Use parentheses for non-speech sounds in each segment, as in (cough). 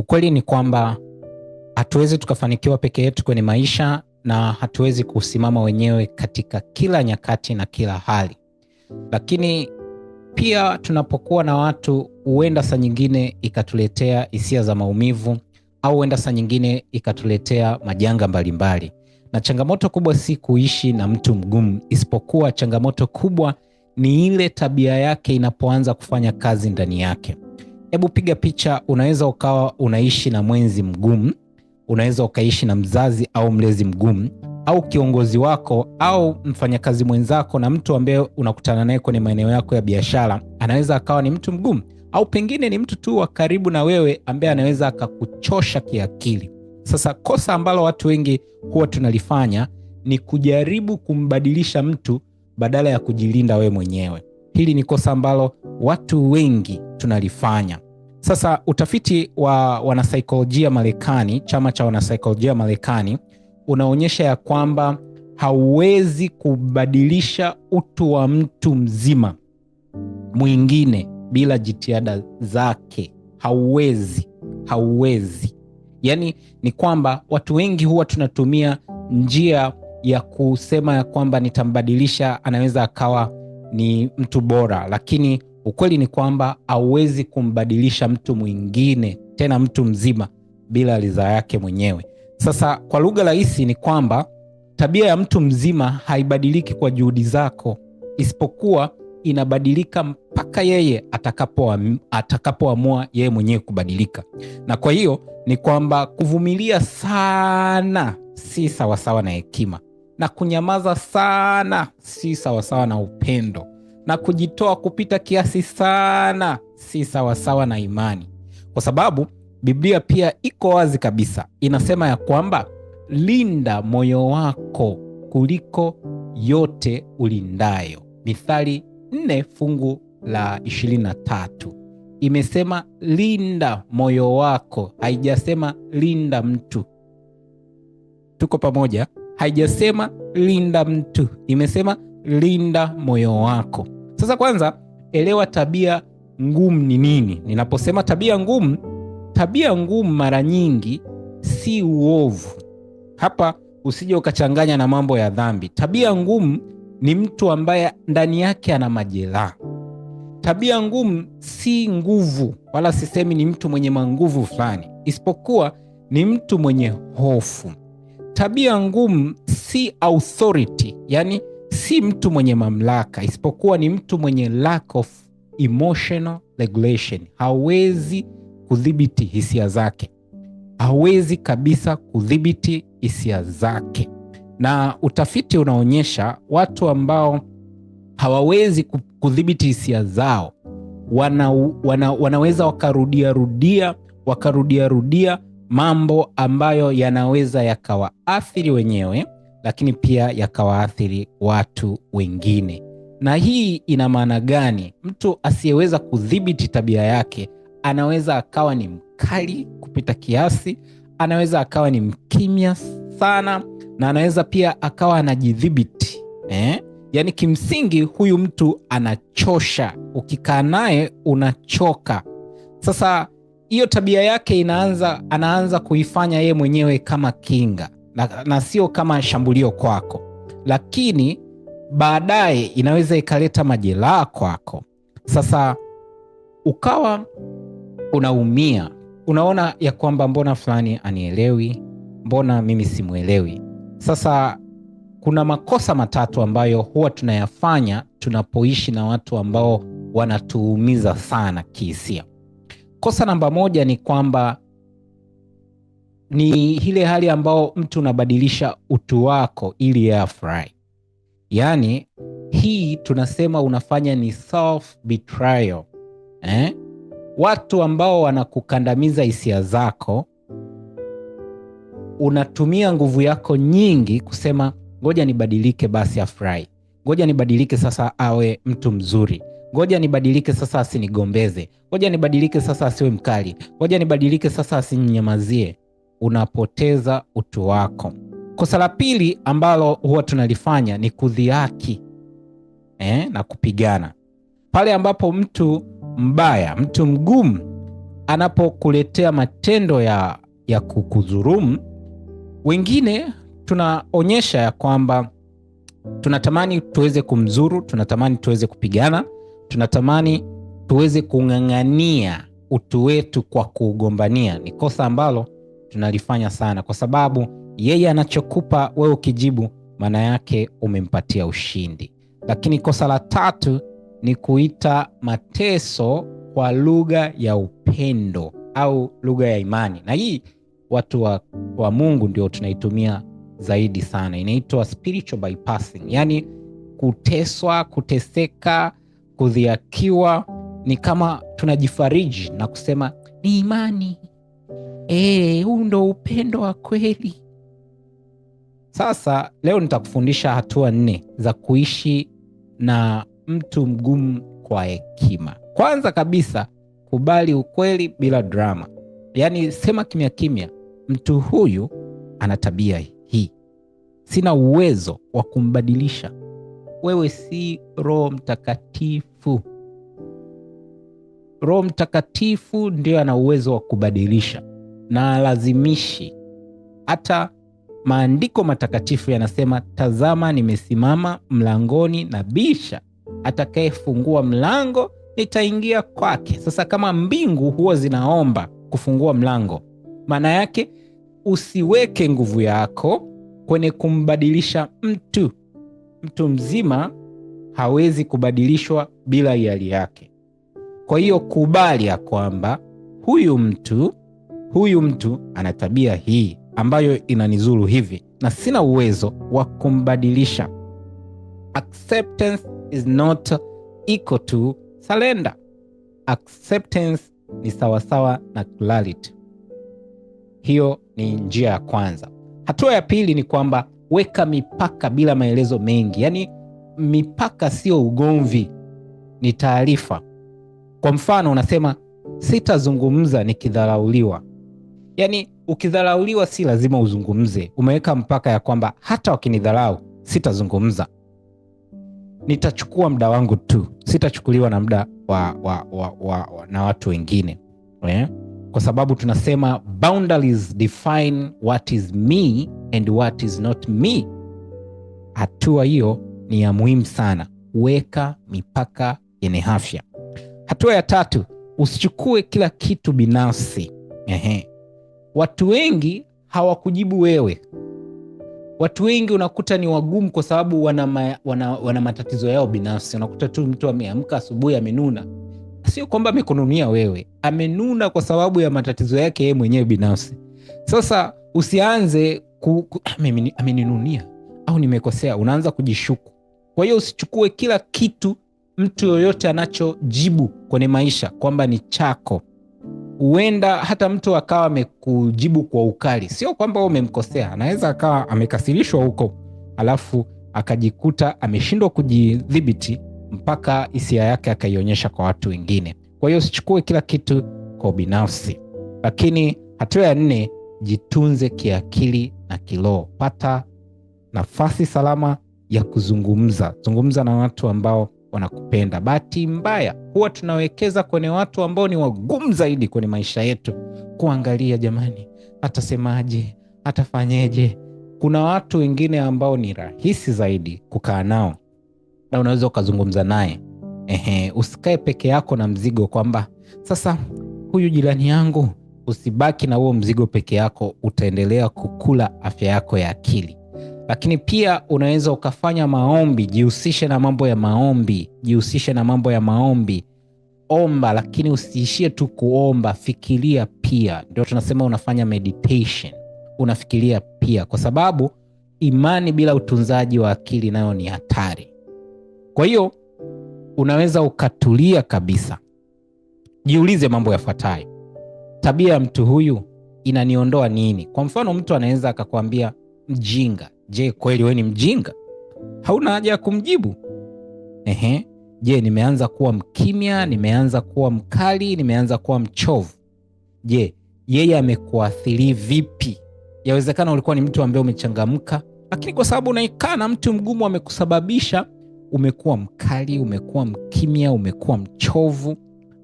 Ukweli ni kwamba hatuwezi tukafanikiwa peke yetu kwenye maisha na hatuwezi kusimama wenyewe katika kila nyakati na kila hali, lakini pia tunapokuwa na watu, huenda saa nyingine ikatuletea hisia za maumivu au huenda saa nyingine ikatuletea majanga mbalimbali. Na changamoto kubwa si kuishi na mtu mgumu, isipokuwa changamoto kubwa ni ile tabia yake inapoanza kufanya kazi ndani yake hebu piga picha. Unaweza ukawa unaishi na mwenzi mgumu, unaweza ukaishi na mzazi au mlezi mgumu, au kiongozi wako au mfanyakazi mwenzako, na mtu ambaye unakutana naye kwenye maeneo yako ya biashara anaweza akawa ni mtu mgumu, au pengine ni mtu tu wa karibu na wewe ambaye anaweza akakuchosha kiakili. Sasa kosa ambalo watu wengi huwa tunalifanya ni kujaribu kumbadilisha mtu badala ya kujilinda wewe mwenyewe. Hili ni kosa ambalo watu wengi tunalifanya. Sasa utafiti wa wanasaikolojia Marekani, chama cha wanasaikolojia Marekani, unaonyesha ya kwamba hauwezi kubadilisha utu wa mtu mzima mwingine bila jitihada zake. Hauwezi, hauwezi. Yaani ni kwamba watu wengi huwa tunatumia njia ya kusema ya kwamba nitambadilisha, anaweza akawa ni mtu bora, lakini ukweli ni kwamba hauwezi kumbadilisha mtu mwingine, tena mtu mzima, bila ridhaa yake mwenyewe. Sasa kwa lugha rahisi ni kwamba tabia ya mtu mzima haibadiliki kwa juhudi zako, isipokuwa inabadilika mpaka yeye atakapoamua atakapo yeye mwenyewe kubadilika. Na kwa hiyo ni kwamba kuvumilia sana si sawasawa na hekima na kunyamaza sana si sawasawa na upendo, na kujitoa kupita kiasi sana si sawasawa na imani, kwa sababu Biblia pia iko wazi kabisa, inasema ya kwamba linda moyo wako kuliko yote ulindayo. Mithali nne fungu la 23 imesema linda moyo wako, haijasema linda mtu. Tuko pamoja? haijasema linda mtu, imesema linda moyo wako. Sasa kwanza elewa tabia ngumu ni nini. Ninaposema tabia ngumu, tabia ngumu mara nyingi si uovu. Hapa usije ukachanganya na mambo ya dhambi. Tabia ngumu ni mtu ambaye ndani yake ana majeraha. Tabia ngumu si nguvu, wala sisemi ni mtu mwenye manguvu fulani, isipokuwa ni mtu mwenye hofu. Tabia ngumu si authority, yani si mtu mwenye mamlaka, isipokuwa ni mtu mwenye lack of emotional regulation. Hawezi kudhibiti hisia zake, hawezi kabisa kudhibiti hisia zake. Na utafiti unaonyesha watu ambao hawawezi kudhibiti hisia zao wana, wana, wanaweza wakarudiarudia wakarudiarudia mambo ambayo yanaweza yakawaathiri wenyewe, lakini pia yakawaathiri watu wengine. Na hii ina maana gani? Mtu asiyeweza kudhibiti tabia yake anaweza akawa ni mkali kupita kiasi, anaweza akawa ni mkimya sana, na anaweza pia akawa anajidhibiti eh? Yaani kimsingi huyu mtu anachosha, ukikaa naye unachoka. Sasa hiyo tabia yake inaanza, anaanza kuifanya yeye mwenyewe kama kinga na, na sio kama shambulio kwako, lakini baadaye inaweza ikaleta majeraha kwako. Sasa ukawa unaumia, unaona ya kwamba mbona fulani anielewi, mbona mimi simwelewi. Sasa kuna makosa matatu ambayo huwa tunayafanya tunapoishi na watu ambao wanatuumiza sana kihisia. Kosa namba moja ni kwamba ni ile hali ambayo mtu unabadilisha utu wako ili yeye afurahi. Yaani hii tunasema unafanya ni self betrayal. Eh? Watu ambao wanakukandamiza hisia zako unatumia nguvu yako nyingi kusema ngoja nibadilike basi afurahi, ngoja nibadilike sasa awe mtu mzuri, ngoja nibadilike sasa asinigombeze, ngoja nibadilike sasa asiwe mkali, ngoja nibadilike sasa asinyamazie unapoteza utu wako. Kosa la pili ambalo huwa tunalifanya ni kudhiaki eh, na kupigana pale ambapo mtu mbaya, mtu mgumu anapokuletea matendo ya, ya kukudhurumu. Wengine tunaonyesha ya kwamba tunatamani tuweze kumzuru, tunatamani tuweze kupigana, tunatamani tuweze kung'ang'ania utu wetu kwa kuugombania, ni kosa ambalo tunalifanya sana, kwa sababu yeye anachokupa wewe ukijibu, maana yake umempatia ushindi. Lakini kosa la tatu ni kuita mateso kwa lugha ya upendo au lugha ya imani, na hii watu wa, wa Mungu ndio tunaitumia zaidi sana, inaitwa spiritual bypassing, yani kuteswa, kuteseka kudhiakiwa ni kama tunajifariji na kusema ni imani e, huu ndo upendo wa kweli. Sasa leo nitakufundisha hatua nne za kuishi na mtu mgumu kwa hekima. Kwanza kabisa, kubali ukweli bila drama, yaani sema kimya kimya, mtu huyu ana tabia hii, sina uwezo wa kumbadilisha. Wewe si Roho Mtakatifu mtakatifu. Roho Mtakatifu ndiyo ana uwezo wa kubadilisha na alazimishi. Hata maandiko matakatifu yanasema, tazama, nimesimama mlangoni na bisha, atakayefungua mlango nitaingia kwake. Sasa kama mbingu huwa zinaomba kufungua mlango, maana yake usiweke nguvu yako kwenye kumbadilisha mtu mtu mzima hawezi kubadilishwa bila hiari yake. Kwa hiyo kubali ya kwamba huyu mtu huyu mtu ana tabia hii ambayo inanizuru hivi na sina uwezo wa kumbadilisha. Acceptance is not equal to surrender. Acceptance ni sawasawa na clarity. Hiyo ni njia ya kwanza. Hatua ya pili ni kwamba weka mipaka bila maelezo mengi, yaani mipaka sio ugomvi, ni taarifa. Kwa mfano, unasema sitazungumza nikidharauliwa. Yaani ukidharauliwa, si lazima uzungumze. Umeweka mpaka ya kwamba hata wakinidharau sitazungumza, nitachukua muda wangu tu, sitachukuliwa na muda wa, wa, wa, wa, wa, na watu wengine eh? Kwa sababu tunasema boundaries define what is me and what is not me. Hatua hiyo ni ya muhimu sana. Weka mipaka yenye afya. Hatua ya tatu, usichukue kila kitu binafsi. Ehe, watu wengi hawakujibu wewe. Watu wengi unakuta ni wagumu kwa sababu wana, ma, wana, wana matatizo yao binafsi. Unakuta tu mtu ameamka asubuhi amenuna, sio kwamba amekununia wewe, amenuna kwa sababu ya matatizo yake yeye mwenyewe binafsi. Sasa usianze ku, ku, (clears throat) ameninunia au nimekosea, unaanza kujishuku kwa hiyo usichukue kila kitu mtu yoyote anachojibu kwenye maisha kwamba ni chako. Huenda hata mtu akawa amekujibu kwa ukali, sio kwamba umemkosea, anaweza akawa amekasirishwa huko, alafu akajikuta ameshindwa kujidhibiti mpaka hisia yake akaionyesha kwa watu wengine. Kwa hiyo usichukue kila kitu kwa ubinafsi. Lakini hatua ya nne, jitunze kiakili na kiloo Pata nafasi salama ya kuzungumza. Zungumza na watu ambao wanakupenda. Bahati mbaya huwa tunawekeza kwenye watu ambao ni wagumu zaidi kwenye maisha yetu, kuangalia jamani, atasemaje, atafanyeje. Kuna watu wengine ambao ni rahisi zaidi kukaa nao na unaweza ukazungumza naye. Ehe, usikae peke yako na mzigo kwamba sasa huyu jirani yangu. Usibaki na huo mzigo peke yako, utaendelea kukula afya yako ya akili lakini pia unaweza ukafanya maombi. Jihusishe na mambo ya maombi, jihusishe na mambo ya maombi. Omba, lakini usiishie tu kuomba, fikiria pia. Ndio tunasema unafanya meditation, unafikiria pia, kwa sababu imani bila utunzaji wa akili nayo ni hatari. Kwa hiyo unaweza ukatulia kabisa. Jiulize mambo yafuatayo: tabia ya mtu huyu inaniondoa nini? Kwa mfano, mtu anaweza akakwambia mjinga Je, kweli we ni mjinga? Hauna haja ya kumjibu. Ehe, je, nimeanza kuwa mkimya? Nimeanza kuwa mkali? Nimeanza kuwa mchovu? Je, yeye amekuathiri vipi? Yawezekana ulikuwa ni mtu ambaye umechangamka, lakini kwa sababu unaikaa na mtu mgumu amekusababisha umekuwa mkali, umekuwa mkimya, umekuwa mchovu.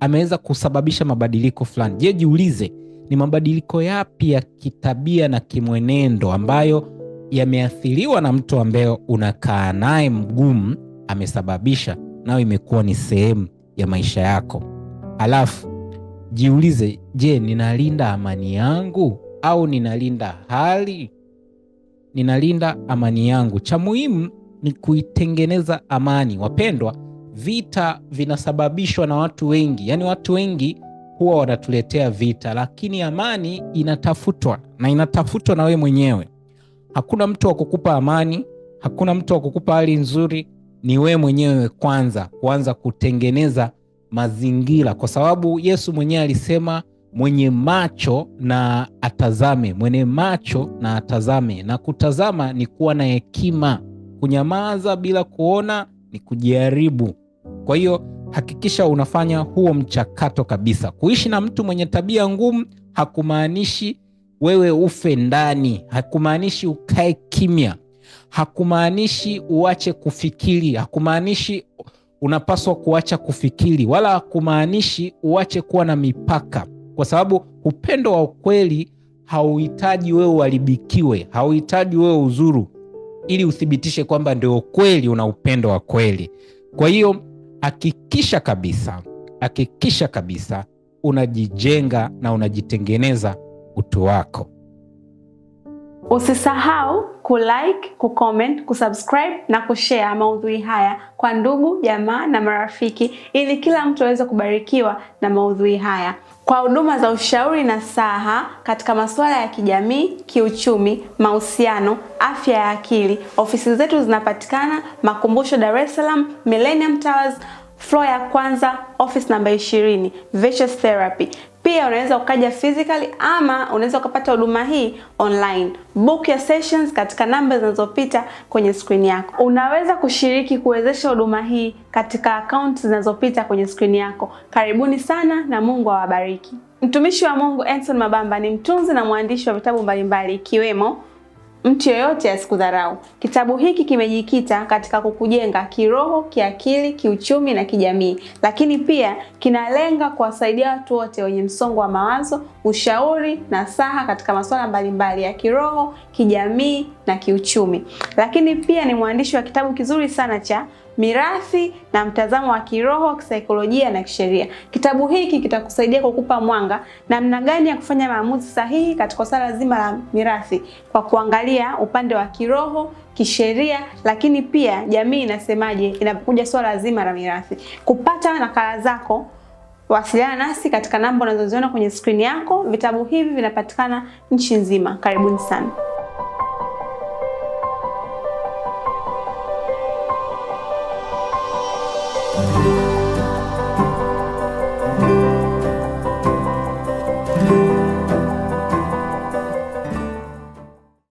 Ameweza kusababisha mabadiliko fulani. Je, jiulize, ni mabadiliko yapi ya kitabia na kimwenendo ambayo yameathiriwa na mtu ambaye unakaa naye mgumu amesababisha, nayo imekuwa ni sehemu ya maisha yako. Alafu jiulize, je, ninalinda amani yangu au ninalinda hali? Ninalinda amani yangu. Cha muhimu ni kuitengeneza amani. Wapendwa, vita vinasababishwa na watu wengi, yaani watu wengi huwa wanatuletea vita, lakini amani inatafutwa na inatafutwa na wewe mwenyewe. Hakuna mtu wa kukupa amani, hakuna mtu wa kukupa hali nzuri, ni wewe mwenyewe kwanza kuanza kutengeneza mazingira, kwa sababu Yesu mwenyewe alisema mwenye macho na atazame, mwenye macho na atazame. Na kutazama ni kuwa na hekima, kunyamaza bila kuona ni kujaribu Kwa hiyo hakikisha unafanya huo mchakato kabisa. Kuishi na mtu mwenye tabia ngumu hakumaanishi wewe ufe ndani, hakumaanishi ukae kimya, hakumaanishi uache kufikiri, hakumaanishi unapaswa kuacha kufikiri, wala hakumaanishi uache kuwa na mipaka, kwa sababu upendo wa ukweli hauhitaji wewe uharibikiwe, hauhitaji wewe uzuru ili uthibitishe kwamba ndio kweli una upendo wa kweli. Kwa hiyo hakikisha kabisa, hakikisha kabisa unajijenga na unajitengeneza utu wako. Usisahau kulike, kucomment, kusubscribe na kushare maudhui haya kwa ndugu, jamaa na marafiki ili kila mtu aweze kubarikiwa na maudhui haya. Kwa huduma za ushauri na saha katika masuala ya kijamii, kiuchumi, mahusiano, afya ya akili, ofisi zetu zinapatikana Makumbusho, Dar es Salaam, Millennium Towers, floor ya kwanza, office namba 20, Vicious Therapy. Pia unaweza ukaja physically ama unaweza ukapata huduma hii online. Book your sessions katika namba zinazopita kwenye screen yako. Unaweza kushiriki kuwezesha huduma hii katika akaunti zinazopita kwenye screen yako. Karibuni sana na Mungu awabariki. Mtumishi wa Mungu Edson Mabamba ni mtunzi na mwandishi wa vitabu mbalimbali ikiwemo Mtu yoyote asikudharau. Kitabu hiki kimejikita katika kukujenga kiroho, kiakili, kiuchumi na kijamii, lakini pia kinalenga kuwasaidia watu wote wenye msongo wa mawazo, ushauri na saha katika masuala mbalimbali ya kiroho, kijamii na kiuchumi. Lakini pia ni mwandishi wa kitabu kizuri sana cha mirathi na mtazamo wa kiroho, kisaikolojia na kisheria. Kitabu hiki kitakusaidia kukupa mwanga namna gani ya kufanya maamuzi sahihi katika swala zima la mirathi kwa kuangalia upande wa kiroho, kisheria, lakini pia jamii inasemaje inapokuja swala zima la mirathi. Kupata nakala zako Wasiliana nasi katika namba unazoziona kwenye skrini yako. Vitabu hivi vinapatikana nchi nzima. Karibuni sana.